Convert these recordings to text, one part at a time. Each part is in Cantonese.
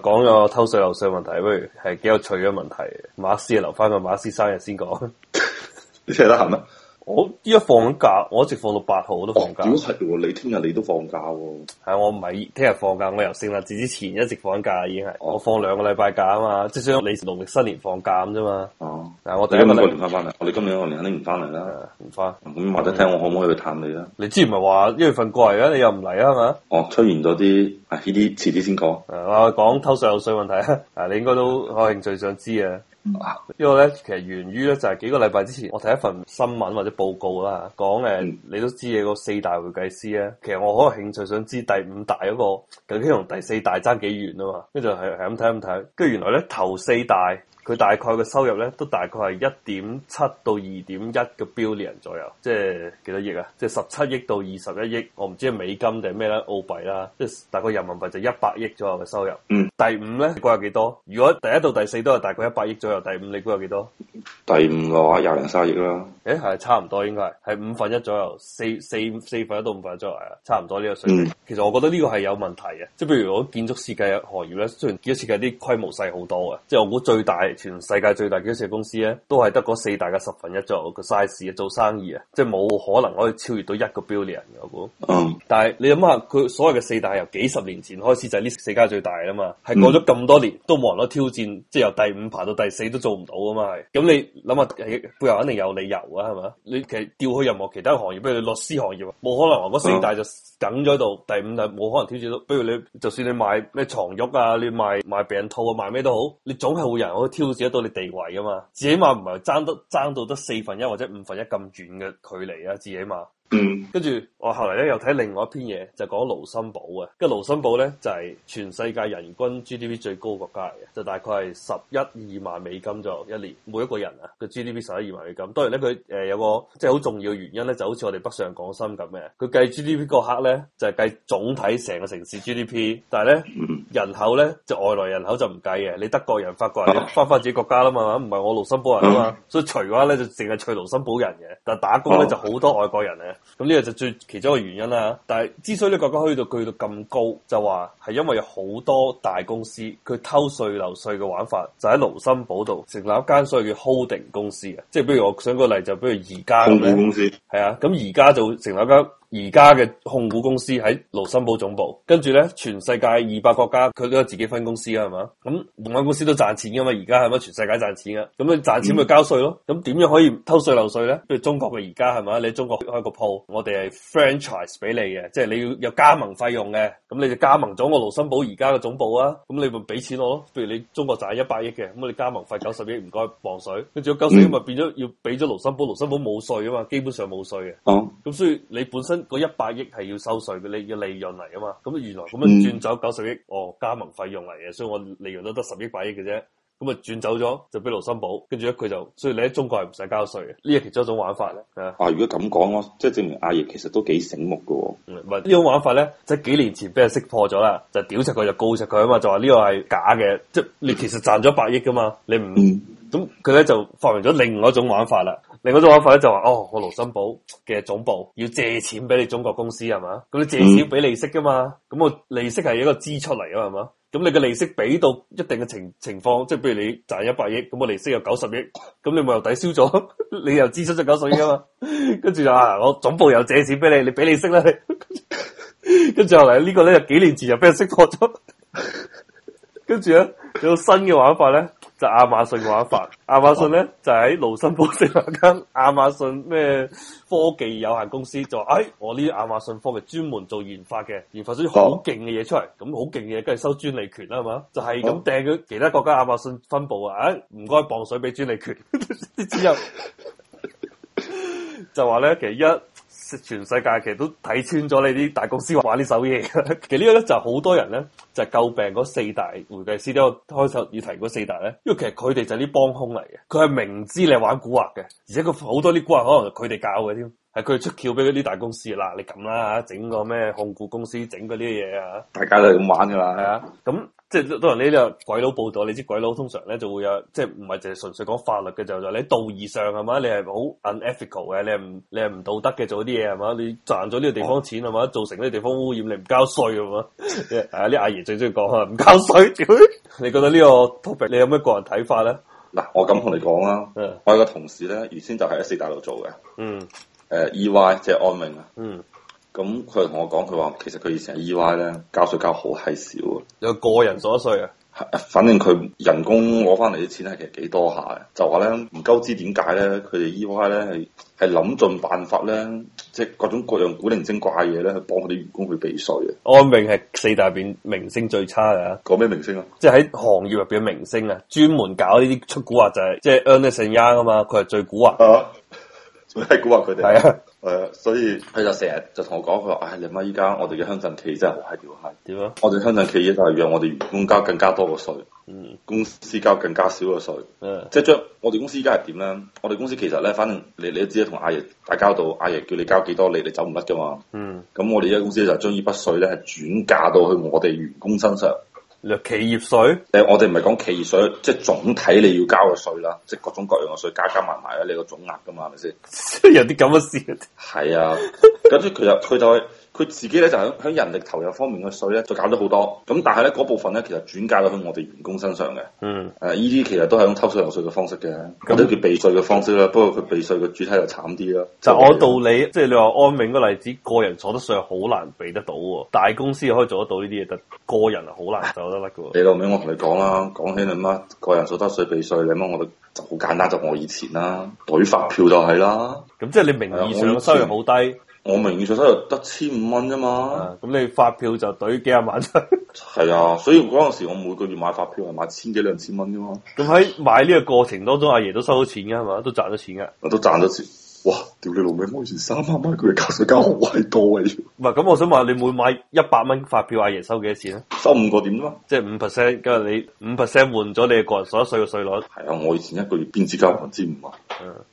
講咗偷稅漏稅問題，不如係幾有趣嘅問題。馬斯留翻個馬斯生日先講，一切得閒啦。我依家放緊假，我一直放到八號我都放假。如果係你聽日你都放假喎、哦？係我唔係聽日放假，我由聖誕節之前一直放假，已經係。哦、我放兩個禮拜假啊嘛，即係你農曆新年放假咁啫嘛。哦，但係我第一個過年翻翻嚟，我哋今年、嗯、我哋肯定唔翻嚟啦，唔翻、嗯。咁或者睇我可唔可以去探你啦？你之前唔係話一月份過嚟嘅，你又唔嚟啊嘛？哦，出現咗啲呢啲，遲啲先講。誒、嗯啊，我講偷稅漏稅問題啊，誒，你應該都好有興趣想知啊。個呢個咧，其實源於咧就係、是、幾個禮拜之前，我睇一份新聞或者報告啦，講誒、呃、你都知嘅嗰四大會計師咧，其實我好有興趣想知第五大嗰、那個究竟同第四大爭幾遠啊嘛，跟住係係咁睇咁睇，跟住原來咧頭四大。佢大概嘅收入咧，都大概係一點七到二點一個 billion 左右，即係幾多億啊？即係十七億到二十一億，我唔知係美金定係咩啦，澳幣啦，即係大概人民幣就一百億左右嘅收入。嗯，第五咧，你估下幾多？如果第一到第四都係大概一百億左右，第五你估下幾多？第五嘅話廿零三億啦，誒係、欸、差唔多應該係係五分一左右，四四四分一到五分一左右，差唔多呢個水平。嗯、其實我覺得呢個係有問題嘅，即係譬如我建築設計行業咧，雖然建築設計啲規模細好多嘅，即係我估最大全世界最大建築設計公司咧，都係得嗰四大嘅十分一左右個 size 啊，做生意啊，即係冇可能可以超越到一個 billion 嘅我估。嗯、但係你諗下佢所謂嘅四大由幾十年前開始就呢四家最大噶嘛，係過咗咁多年都冇人攞挑戰，即係由第五排到第四都做唔到噶嘛，係咁你。你諗下係背後肯定有理由啊，係嘛？你其實調去任何其他行業，比如你律師行業，冇可能話嗰四大就梗咗度，第五大冇可能挑戰到，比如你就算你賣咩床褥啊，你賣賣病套啊，賣咩都好，你總係會有人可以挑戰到你地位噶嘛？至起碼唔係爭得爭到得四分一或者五分一咁遠嘅距離啊，至起碼。嗯，跟住我後嚟咧又睇另外一篇嘢，就講盧森堡嘅。跟盧森堡咧就係、是、全世界人均 GDP 最高嘅國家嚟嘅，就大概係十一二萬美金就一年，每一個人啊個 GDP 十一二萬美金。當然咧佢誒有個即係好重要嘅原因咧，就好似我哋北上廣深咁嘅，佢計 GDP 嗰刻咧就係、是、計總體成個城市 GDP，但係咧。嗯人口咧就外來人口就唔計嘅，你德國人、法國人翻翻自己國家啦嘛，唔係我盧森堡人啊嘛，嗯、所以除嘅話咧就淨係除盧森堡人嘅，但打工咧、嗯、就好多外國人嘅。咁呢個就最其中一個原因啦。但係之所以呢個國家可以到去到咁高，就話係因為有好多大公司佢偷稅漏稅嘅玩法，就喺盧森堡度成立一間所謂叫 holding 公司嘅，即係比如我想個例就比如而家咧，係司啊，咁而家就成立一間。而家嘅控股公司喺盧森堡總部，跟住咧，全世界二百國家佢都有自己分公司啊，係嘛？咁控股公司都賺錢噶嘛？而家係咪全世界賺錢啊？咁你賺錢咪交稅咯？咁點、嗯、樣可以偷稅漏稅咧？譬如中國嘅而家係咪？你喺中國開個鋪，我哋係 franchise 俾你嘅，即係你要有加盟費用嘅，咁你就加盟咗我盧森堡而家嘅總部啊，咁你咪俾錢我咯？譬如你中國賺一百億嘅，咁你加盟費九十億唔該磅水，跟住九十億咪變咗要俾咗盧森堡，盧森堡冇稅啊嘛，基本上冇稅嘅。哦、嗯，咁所以你本身。個一百億係要收稅嘅，你要利潤嚟，啊嘛，咁原來咁樣轉走九十億，嗯、哦，加盟費用嚟嘅，所以我利潤都得十億八億嘅啫，咁啊轉走咗就俾盧森堡，跟住咧佢就，所以你喺中國係唔使交稅嘅，呢個其中一種玩法咧啊，如果咁講咯，即係證明阿爺其實都幾醒目嘅，唔唔呢種玩法咧，即係幾年前俾人識破咗啦，就屌實佢就告實佢啊嘛，就話呢個係假嘅，即係你其實賺咗百億噶嘛，你唔，咁佢咧就發明咗另外一種玩法啦。另外一種玩法咧，就話哦，我盧森堡嘅總部要借錢俾你中國公司係嘛？咁你借錢俾利息噶嘛，咁我利息係一個支出嚟噶，係嘛？咁你嘅利息俾到一定嘅情情況，即係譬如你賺一百億，咁我利息有九十億，咁你咪又抵消咗，你又支出咗九十億啊嘛，跟住就話，我總部又借錢俾你，你俾利息啦，跟住 後嚟呢個咧就幾年前就俾人識破咗，跟住咧有新嘅玩法咧。就亞馬遜嘅玩法， 亞馬遜咧 就喺盧森堡成間亞馬遜咩科技有限公司就話，哎，我呢亞馬遜科技專門做研發嘅，研發咗啲好勁嘅嘢出嚟，咁好勁嘅嘢梗係收專利權啦，係嘛？就係咁掟佢其他國家亞馬遜分部啊，誒唔該，磅水俾專利權，之 後就話咧，其實一。全世界其實都睇穿咗你啲大公司玩呢手嘢，其實呢個咧就好多人咧就係詬病嗰四大會計師，都後開頭要提嗰四大咧，因為其實佢哋就係啲幫兇嚟嘅，佢係明知你玩蠱惑嘅，而且佢好多啲蠱惑可能佢哋教嘅添。係佢出橋俾嗰啲大公司啦、啊，你咁啦整個咩控股公司，整嗰啲嘢啊，大家都係咁玩噶啦。咁即係當然呢啲鬼佬報道，你知鬼佬通常咧就會有，即係唔係淨係純粹講法律嘅，就就是、你道義上係嘛，你係好 unethical 嘅，你唔你係唔道德嘅做啲嘢係嘛，你賺咗呢個地方錢係嘛，造、哦、成呢個地方污染，你唔交稅咁啊？誒，啲阿爺最中意講啊，唔交稅。你覺得呢個 topic 你有咩個人睇法咧？嗱，我咁同你講啦，我有個同事咧，原先就喺四大道做嘅，嗯。 誒、uh，EY 即係安永啊，嗯，咁佢同我講，佢話其實佢以前 EY 咧交稅交好係少啊，有個，個人所得稅啊，係，反正佢人工攞翻嚟啲錢係其實幾多下嘅，就話咧唔鳩知點解咧，佢哋 EY 咧係係諗盡辦法咧，即、就、係、是、各種各樣古靈精怪嘢咧去幫佢啲員工去避稅嘅。安永係四大邊明星最差啊，講咩明星啊？即係喺行業入邊嘅明星啊，專門搞呢啲出蠱惑就係、是、即係 Ernst & Young 啊嘛，佢係最蠱惑。係估話佢哋係啊，誒、嗯，所以佢 就成日就同我講，佢話：，唉、哎，你媽依家我哋嘅鄉鎮企真係好有限，點樣？我哋鄉鎮企業就係讓我哋員工交更加多嘅稅，嗯，公司交更加少嘅稅，是啊、即係將我哋公司依家係點咧？我哋公司其實咧，反正你你都知，同阿爺打交道，阿爺叫你交幾多，你哋走唔甩噶嘛，嗯，咁我哋依家公司就將呢筆稅咧係轉嫁到去我哋員工身上。你話企業稅？誒、呃，我哋唔係講企業稅，即係總體你要交嘅稅啦，即係各種各樣嘅稅加加埋埋咧，你個總額噶嘛，係咪先？有啲咁嘅事。係啊，咁即係其實佢就。佢自己咧就喺喺人力投入方面嘅稅咧，就搞咗好多。咁但係咧，嗰部分咧，其實轉嫁咗去我哋員工身上嘅。嗯。誒、啊，依啲其實都係用種偷稅漏稅嘅方式嘅。咁都、嗯、叫避稅嘅方式啦。不過佢避稅嘅主體就慘啲啦。就我道理，即係你話安永個例子，個人所得稅好難避得到喎。大公司可以做得到呢啲嘢，但個人啊好難走得甩嘅、啊。你老尾，我同你講啦，講起你乜個人所得稅避稅，你乜，我就好簡單，就我以前啦、啊，隊發票就係啦。咁、嗯、即係你名義上嘅收入好低。嗯嗯我名義上收入得千五蚊啫嘛，咁、啊、你發票就懟幾廿萬啫。係 啊，所以嗰陣時我每個月買發票係買千幾兩千蚊啫嘛。咁喺買呢個過程當中，阿爺都收到錢嘅係嘛，都賺咗錢嘅。我都賺咗錢。哇！屌你老味，我以前三萬蚊一個月交稅交好鬼多嘅。唔係咁，我想話你每買一百蚊發票，阿爺收幾多錢咧？收五個點啦，即係五 percent。今日你五 percent 換咗你嘅個人所得稅嘅稅率。係啊，我以前一個月邊止交百分之五啊。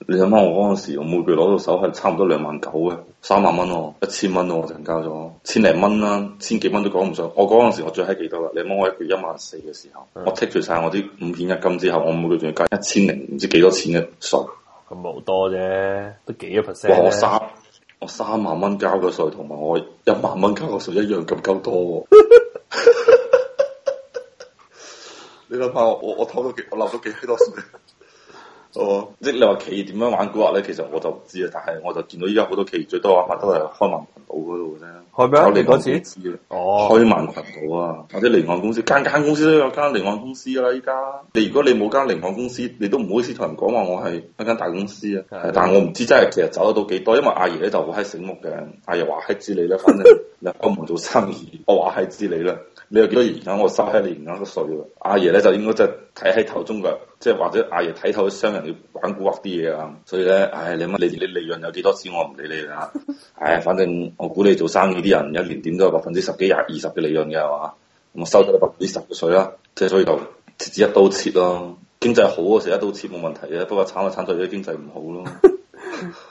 你諗下我嗰陣時，我每個月攞到手係差唔多兩萬九啊？三萬蚊哦，一千蚊咯，我就交咗千零蚊啦，千幾蚊都講唔上。我嗰陣時我最閪幾多啦？你摸我一個月一萬四嘅時候，啊、我剔除晒我啲五險一金之後，我每個月仲要交一千零唔知幾多錢嘅稅。咁好多啫，都幾個 percent。我三我三萬蚊交個稅，同埋我一萬蚊交個稅一樣咁夠多、哦。 你諗下我，我我偷咗幾我漏咗幾多稅？ 哦，即係你話企業點樣玩蠱惑咧？其實我就唔知啊，但係我就見到依家好多企業最多玩法都係開曼群島嗰度啫，有你嗰次哦，開曼群島啊，或者離岸公司，間間公司都有間離岸公司啦、啊。依家你如果你冇間離岸公司，你都唔好意思同人講話我係一間大公司啊。的但係我唔知真係其實走得到幾多，因為阿爺咧就好係醒目嘅，阿爺話閪知你咧，反正。我唔做生意，我話係知你啦。你有幾多年金，我收起你年金個稅喎。阿爺咧就應該即係睇喺頭中嘅，即係或者阿爺睇透商人要玩蠱惑啲嘢。啊，所以咧，唉，你乜你你利潤有幾多錢，我唔理你啦。唉，反正我估你做生意啲人，一年點都有百分之十幾廿二十嘅利潤嘅係嘛？咁收咗百分之十嘅稅啦，即係所以就一刀切咯。經濟好嗰時一刀切冇問題嘅，不過慘就慘在啲經濟唔好咯。